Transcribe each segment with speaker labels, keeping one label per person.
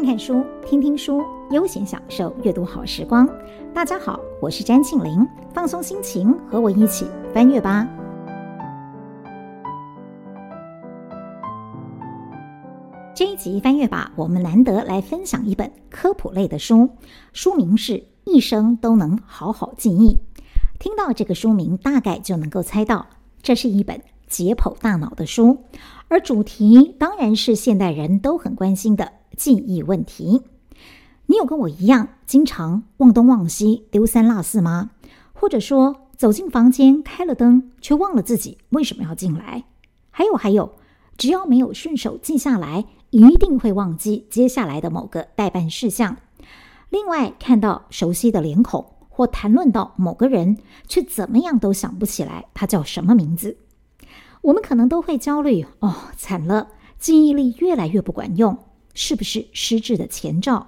Speaker 1: 看看書，聽聽書，悠閒享受閱讀好時光。大家好，我是詹慶玲，放鬆心情，和我一起翻閱吧。這一集翻閱吧，我們難得來分享一本科普類的書，書名是《一生都能好好記憶》。聽到這個書名，大概就能夠猜到，這是一本解剖大腦的書，而主題當然是現代人都很關心的。記憶問題，你有跟我一樣經常忘東忘西、丟三落四嗎？或者說走進房間開了燈，卻忘了自己為什麼要進來？還有還有，只要沒有順手記下來，一定會忘記接下來的某個待辦事項。另外，看到熟悉的臉孔或談論到某個人，卻怎麼樣都想不起來他叫什麼名字，我們可能都會焦慮哦，慘了，記憶力越來越不管用。是不是失智的前兆？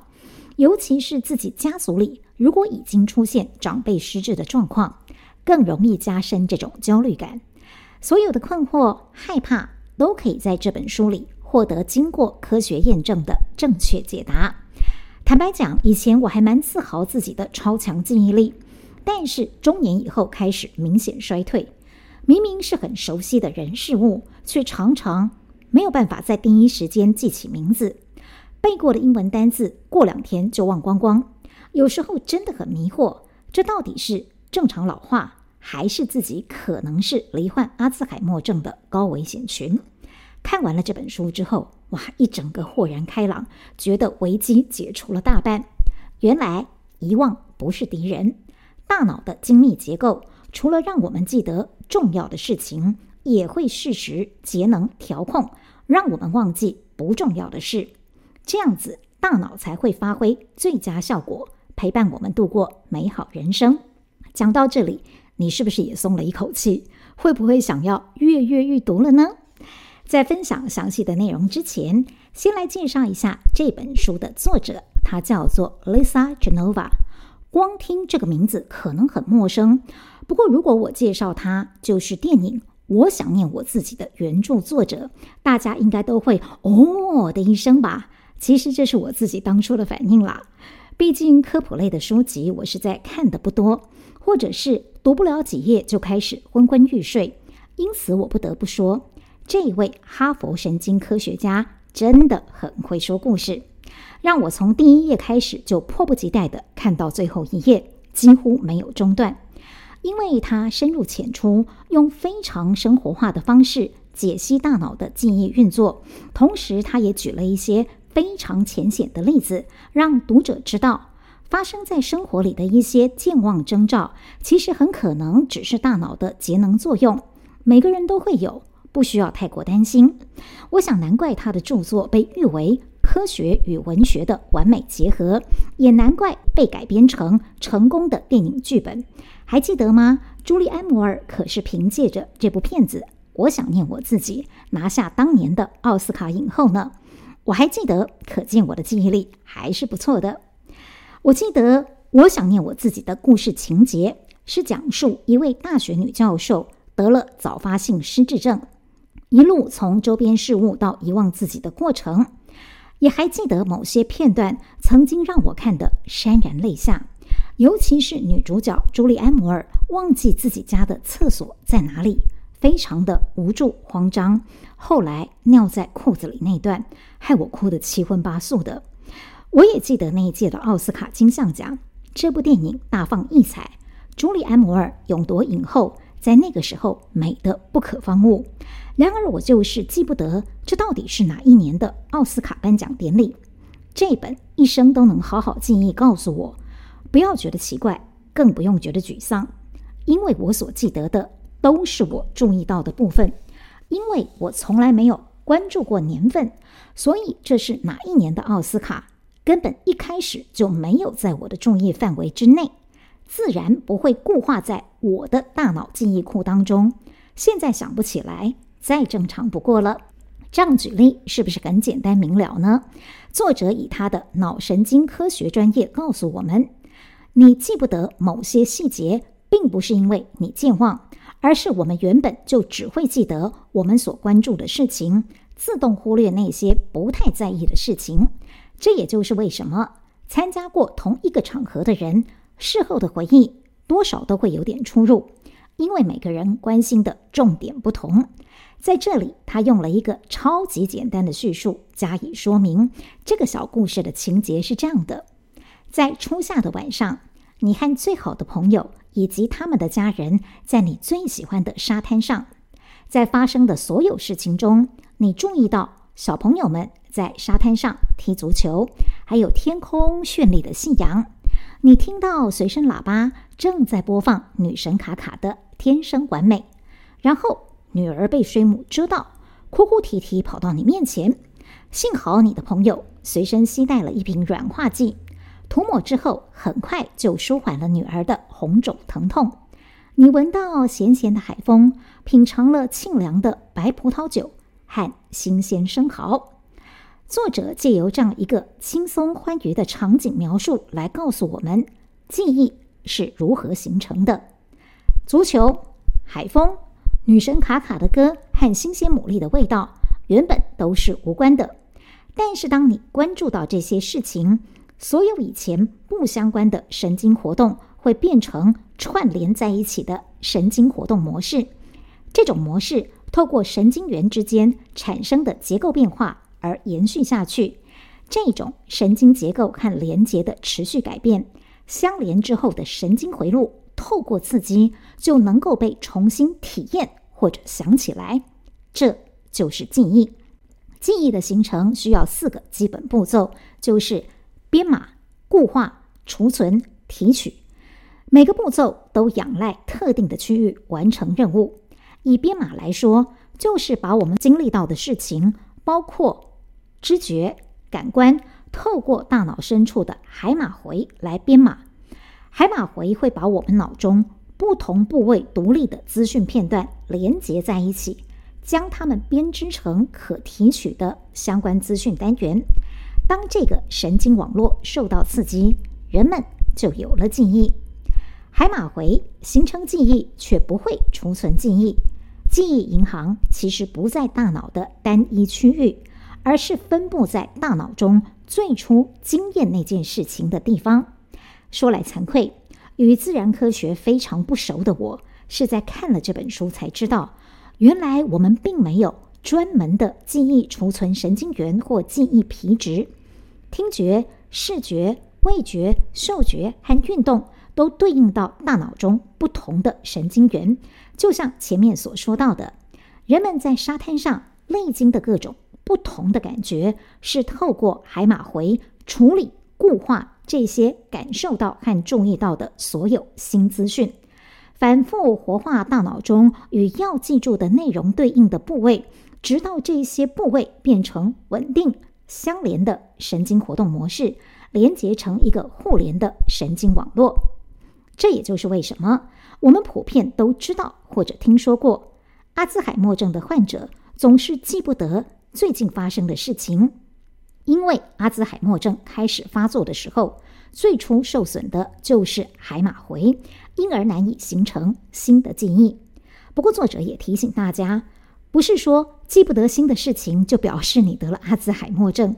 Speaker 1: 尤其是自己家族裡如果已經出現長輩失智的狀況，更容易加深這種焦慮感。所有的困惑、害怕都可以在這本書裡獲得經過科學驗證的正確解答。坦白講，以前我還蠻自豪自己的超強記憶力，但是中年以後開始明顯衰退。明明是很熟悉的人事物，卻常常沒有辦法在第一時間記起名字。背過的英文單字過兩天就忘光光，有時候真的很迷惑，這到底是正常老化，還是自己可能是罹患阿茲海默症的高危險群？看完了這本書之後，哇，一整個豁然開朗，覺得危機解除了大半。原來遺忘不是敵人，大腦的精密結構除了讓我們記得重要的事情，也會適時節能調控，讓我們忘記不重要的事。這樣子，大腦才會發揮最佳效果，陪伴我們度過美好人生。講到這裡，你是不是也鬆了一口氣？會不會想要躍躍欲讀了呢？在分享詳細的內容之前，先來介紹一下這本書的作者，他叫做 Lisa Genova。光聽這個名字可能很陌生，不過如果我介紹他就是電影《我想念我自己》的原著作者，大家應該都會哦、oh! 的一聲吧。其實這是我自己當初的反應啦，畢竟科普類的書籍我實在看得不多，或者是讀不了幾頁就開始昏昏欲睡，因此我不得不說，這一位哈佛神經科學家真的很會說故事，讓我從第一頁開始就迫不及待的看到最後一頁，幾乎沒有中斷，因為他深入淺出，用非常生活化的方式解析大腦的記憶運作，同時他也舉了一些。非常淺顯的例子，讓讀者知道發生在生活裡的一些健忘徵兆，其實很可能只是大腦的節能作用。每個人都會有，不需要太過擔心。我想，難怪他的著作被譽為科學與文學的完美結合，也難怪被改編成成功的電影劇本。還記得嗎？朱莉安·摩爾可是憑借着這部片子《我想念我自己》拿下當年的奧斯卡影后呢。我還記得，可見我的記憶力還是不錯的。我記得我想念我自己的故事情節是講述一位大學女教授得了早發性失智症，一路從周邊事物到遺忘自己的過程。也還記得某些片段曾經讓我看得潸然淚下，尤其是女主角朱莉安·摩爾忘記自己家的廁所在哪裡，非常的無助慌張。後來尿在褲子裡那段，害我哭得七葷八素的。我也記得那一屆的奧斯卡金像獎，這部電影大放異彩，朱莉安摩爾勇奪影後，在那個時候美得不可方物。然而我就是記不得這到底是哪一年的奧斯卡頒獎典禮。這本一生都能好好記憶，告訴我，不要覺得奇怪，更不用覺得沮喪，因為我所記得的都是我注意到的部分。因為我從來沒有關注過年份，所以這是哪一年的奧斯卡，根本一開始就沒有在我的注意範圍之內，自然不會固化在我的大腦記憶庫當中，現在想不起來，再正常不過了。這樣舉例是不是很簡單明了呢？作者以他的腦神經科學專業告訴我們，你記不得某些細節，並不是因為你健忘。而是我們原本就只會記得我們所關注的事情，自動忽略那些不太在意的事情。這也就是為什麼參加過同一個場合的人，事後的回憶多少都會有點出入，因為每個人關心的重點不同。在這裡，他用了一個超級簡單的敘述加以說明。這個小故事的情節是這樣的：在初夏的晚上，你和最好的朋友。以及他們的家人在你最喜歡的沙灘上，在發生的所有事情中，你注意到小朋友們在沙灘上踢足球，還有天空絢麗的夕陽。你聽到隨身喇叭正在播放女神卡卡的《天生完美》，然後女兒被水母蜇到，哭哭啼啼跑到你面前。幸好你的朋友隨身攜帶了一瓶軟化劑。塗抹之後，很快就舒緩了女兒的紅腫疼痛。你聞到鹹鹹的海風，品嘗了沁涼的白葡萄酒和新鮮生蠔。作者借由這樣一個輕鬆歡愉的場景描述，來告訴我們記憶是如何形成的。足球、海風、女神卡卡的歌和新鮮牡蠣的味道，原本都是無關的，但是當你關注到這些事情，所有以前不相關的神經活動會變成串聯在一起的神經活動模式。這種模式透過神經元之間產生的結構變化而延續下去。這種神經結構和連接的持續改變，相連之後的神經迴路透過刺激就能夠被重新體驗或者想起來。這就是記憶。記憶的形成需要四個基本步驟，就是，編碼、固化、儲存、提取，每個步驟都仰賴特定的區域完成任務。以編碼來說，就是把我們經歷到的事情，包括知覺、感官，透過大腦深處的海馬回來編碼。海馬回會把我們腦中不同部位獨立的資訊片段連接在一起，將它們編織成可提取的相關資訊單元。當這個神經網絡受到刺激，人們就有了記憶。海馬回形成記憶，卻不會儲存記憶。記憶銀行其實不在大腦的單一區域，而是分布在大腦中最初經驗那件事情的地方。說來慚愧，與自然科學非常不熟的我，是在看了這本書才知道，原來我們並沒有專門的記憶儲存神經元或記憶皮質。聽覺、視覺、味覺、嗅覺和運動都對應到大腦中不同的神經元，就像前面所說到的，人們在沙灘上歷經的各種不同的感覺，是透過海馬回處理固化這些感受到和注意到的所有新資訊，反復活化大腦中與要記住的內容對應的部位，直到這些部位變成穩定。相連的神經活動模式連接成一個互聯的神經網絡，這也就是為什麼我們普遍都知道或者聽說過阿茲海默症的患者總是記不得最近發生的事情。因為阿茲海默症開始發作的時候，最初受損的就是海馬回，因而難以形成新的記憶。不過，作者也提醒大家。不是說記不得新的事情就表示你得了阿茲海默症，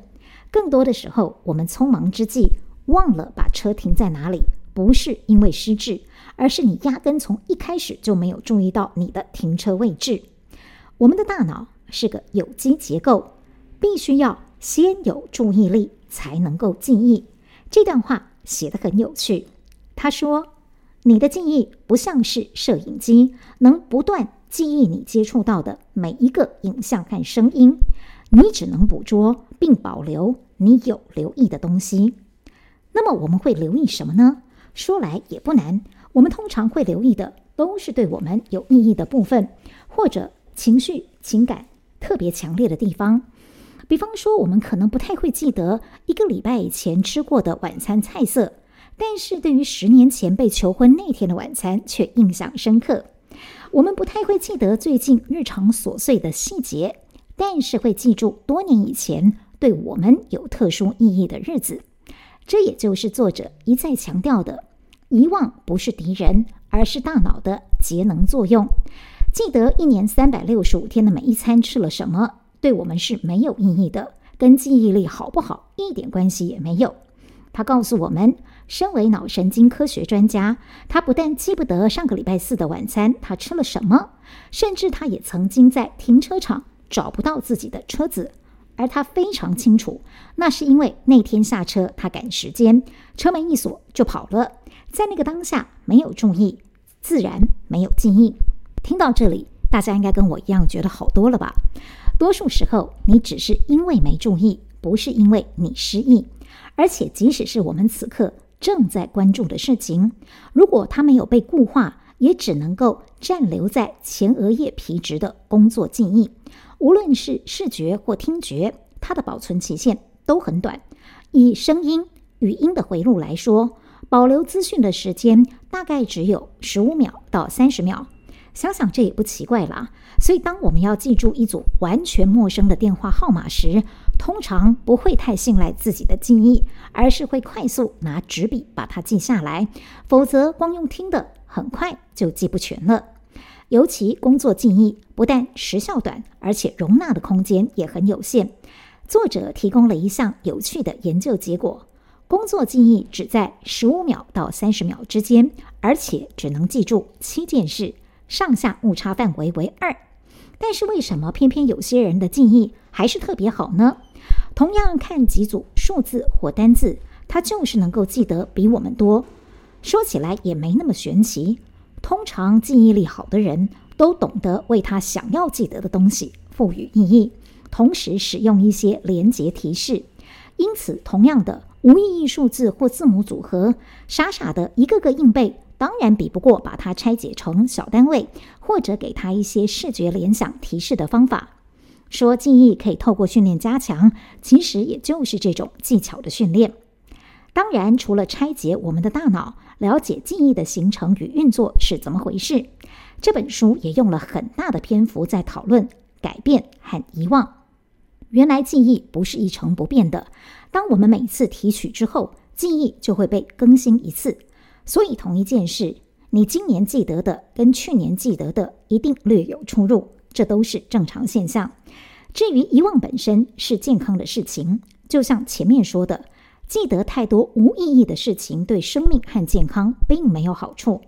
Speaker 1: 更多的時候，我們匆忙之際忘了把車停在哪裡，不是因為失智，而是你壓根從一開始就沒有注意到你的停車位置。我們的大腦是個有機結構，必須要先有注意力才能夠記憶。這段話寫得很有趣，他說：“你的記憶不像是攝影機，能不斷。”記憶你接觸到的每一個影像和聲音，你只能捕捉並保留你有留意的東西。那麼我們會留意什麼呢？說來也不難，我們通常會留意的都是對我們有意義的部分，或者情緒情感特別強烈的地方。比方說，我們可能不太會記得一個禮拜以前吃過的晚餐菜色，但是對於十年前被求婚那天的晚餐卻印象深刻。我們不太會記得最近日常瑣碎的細節，但是會記住多年以前對我們有特殊意義的日子。這也就是作者一再強調的，遺忘不是敵人，而是大腦的節能作用。記得一年三百六十五天的每一餐吃了什麼，對我們是沒有意義的，跟記憶力好不好一點關係也沒有。他告訴我們，身為腦神經科學專家，他不但記不得上個禮拜四的晚餐他吃了什麼，甚至他也曾經在停車場找不到自己的車子，而他非常清楚，那是因為那天下車他趕時間，車門一鎖就跑了，在那個當下沒有注意，自然沒有記憶。聽到這裡，大家應該跟我一樣覺得好多了吧？多數時候，你只是因為沒注意，不是因為你失憶。而且，即使是我們此刻正在關注的事情，如果它沒有被固化，也只能夠暫留在前額葉皮質的工作記憶。無論是視覺或聽覺，它的保存期限都很短。以聲音、語音的迴路來說，保留資訊的時間大概只有十五秒到三十秒。想想這也不奇怪啦，所以，當我們要記住一組完全陌生的電話號碼時，通常不會太信賴自己的記憶，而是會快速拿紙筆把它記下來。否則，光用聽的，很快就記不全了。尤其工作記憶，不但時效短，而且容納的空間也很有限。作者提供了一項有趣的研究結果：工作記憶只在十五秒到三十秒之間，而且只能記住七件事。上下誤差範圍為二，但是為什麼偏偏有些人的記憶還是特別好呢？同樣看幾組數字或單字，他就是能夠記得比我們多。說起來也沒那麼神奇，通常記憶力好的人都懂得為他想要記得的東西賦予意義，同時使用一些連接提示。因此，同樣的無意義數字或字母組合，傻傻的一個個硬背。當然比不過把它拆解成小單位，或者給它一些視覺聯想提示的方法。說記憶可以透過訓練加強，其實也就是這種技巧的訓練。當然，除了拆解我們的大腦，了解記憶的形成與運作是怎麼回事，這本書也用了很大的篇幅在討論改變和遺忘。原來記憶不是一成不變的，當我們每次提取之後，記憶就會被更新一次。所以，同一件事，你今年記得的跟去年記得的一定略有出入，這都是正常現象。至於遺忘本身是健康的事情，就像前面說的，記得太多無意義的事情對生命和健康並沒有好處。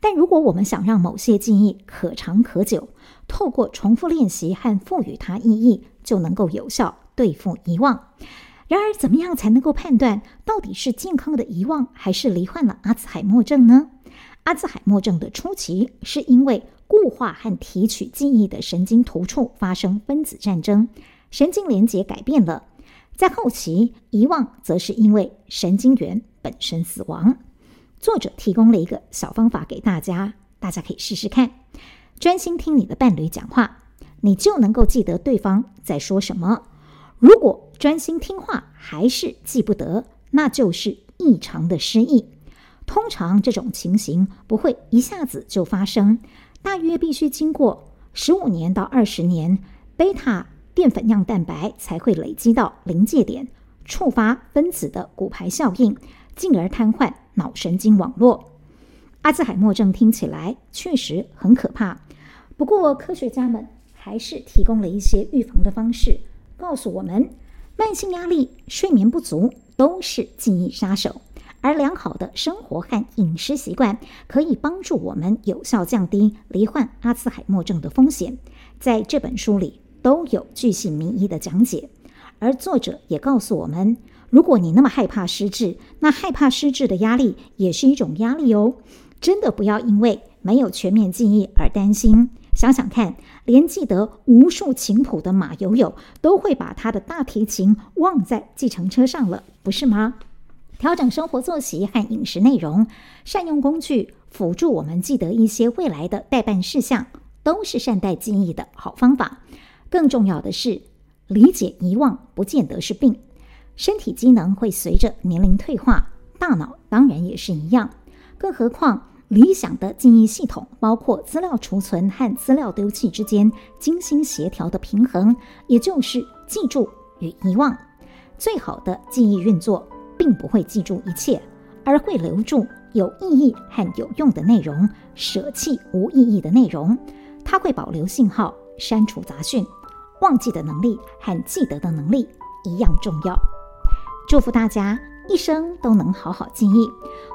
Speaker 1: 但如果我們想讓某些記憶可長可久，透過重複練習和賦予它意義，就能夠有效對付遺忘。然而，怎麼樣才能夠判斷到底是健康的遺忘，還是罹患了阿茲海默症呢？阿茲海默症的初期是因為固化和提取記憶的神經突觸發生分子戰爭，神經連接改變了。在後期，遺忘則是因為神經元本身死亡。作者提供了一個小方法給大家，大家可以試試看，專心聽你的伴侶講話，你就能夠記得對方在說什麼。如果專心聽話還是記不得，那就是異常的失憶。通常這種情形不會一下子就發生，大約必須經過十五年到二十年，貝塔澱粉樣蛋白才會累積到臨界點，觸發分子的骨牌效應，進而癱瘓腦神經網絡。阿茲海默症聽起來確實很可怕，不過科學家們還是提供了一些預防的方式，告訴我們。慢性壓力、睡眠不足都是記憶殺手，而良好的生活和飲食習慣可以幫助我們有效降低罹患阿茲海默症的風險。在這本書裡都有鉅細靡遺的講解，而作者也告訴我們：如果你那麼害怕失智，那害怕失智的壓力也是一種壓力哦。真的不要因為沒有全面記憶而擔心。想想看，連記得無數琴譜的馬友友都會把他的大提琴忘在計程車上了，不是嗎？調整生活作息和飲食內容，善用工具輔助我們記得一些未來的待辦事項，都是善待記憶的好方法。更重要的是，理解遺忘不見得是病，身體機能會隨着年齡退化，大腦當然也是一樣，更何況。理想的記憶系統包括資料儲存和資料丟棄之間精心協調的平衡，也就是記住與遺忘。最好的記憶運作並不會記住一切，而會留住有意義和有用的內容，捨棄無意義的內容。它會保留信號，刪除雜訊。忘記的能力和記得的能力一樣重要。祝福大家。一生都能好好記憶。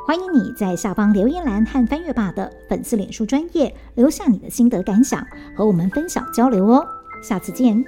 Speaker 1: 歡迎你在下方留言欄和翻閱吧的粉絲、臉書、專頁留下你的心得感想，和我們分享交流哦。下次見。